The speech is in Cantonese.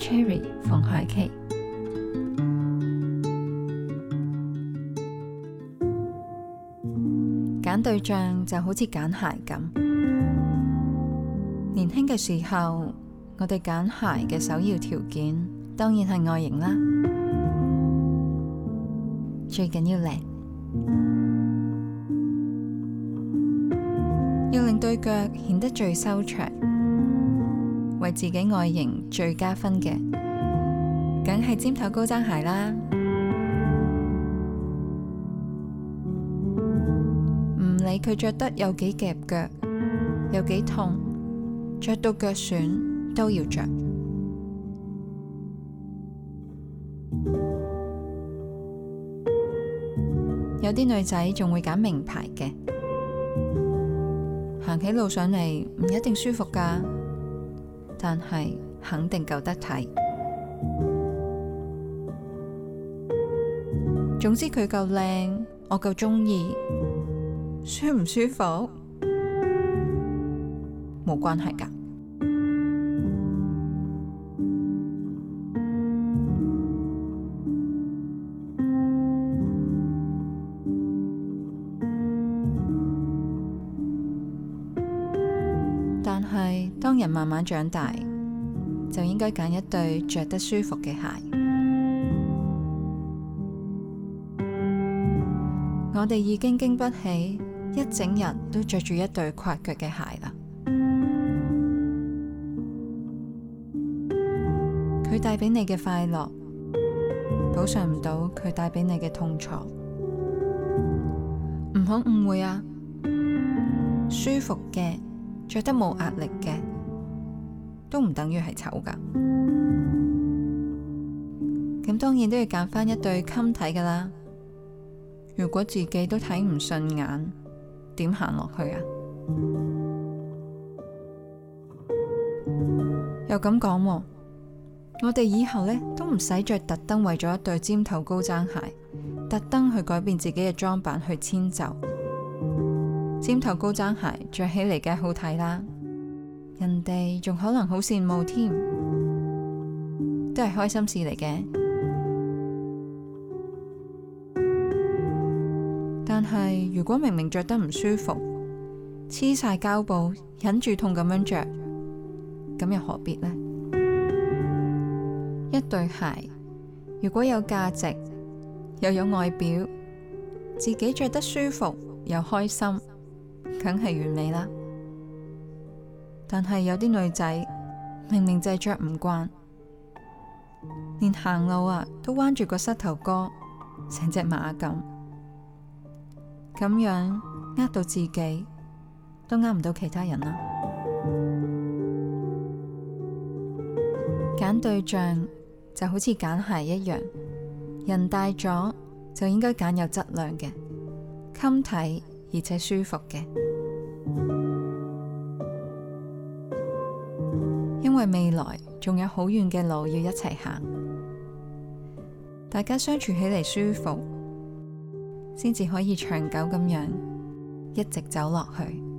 Cherry 馮凱淇揀對象就好似揀鞋咁，年輕嘅時候，我哋揀鞋嘅首要條件當然係外形啦，最緊要靚，要令對腳顯得最修長。為自己外形最加分嘅，梗係尖頭高踭鞋啦！唔理佢着得有幾夾腳，有幾痛，着到腳損都要着。 有啲女仔仲會揀名牌嘅，行起路上嚟唔一定舒服噶。但係肯定夠得睇。總之佢夠靚，我夠中意，舒唔舒服？冇關係噶。人慢慢長大就應該揀一對着得舒服嘅鞋。我哋已經經不起一整日都着住一對刮腳嘅鞋啦。佢帶俾你嘅快樂，補償唔到佢帶俾你嘅痛楚。唔好誤會啊，舒服嘅，着得冇壓力嘅。都唔等於係醜噶，咁當然都要揀翻一對襟睇噶啦。如果自己都睇唔順眼，點行落去啊？又咁講喎，我哋以後呢都唔使着特登為咗一對尖頭高踭鞋，特登去改變自己嘅裝扮去遷就尖頭高踭鞋，着起嚟梗係好睇啦。人哋仲可能好羨慕添，都係開心事嚟嘅。但係如果明明着得唔舒服，黐晒膠布，忍住痛咁樣着，咁又何必呢？一對鞋如果有價值，又有外表，自己着得舒服又開心，梗係完美啦。但係有啲女仔明明就係着唔慣，連行路啊都彎住個膝頭哥，成隻馬咁，咁樣呃到自己，都呃唔到其他人啦。揀對象就好似揀鞋一樣，人大咗就應該揀有質量嘅，襟睇而且舒服嘅。因為未來仲有好遠嘅路要一齊行，大家相處起嚟舒服，先至可以長久咁樣一直走落去。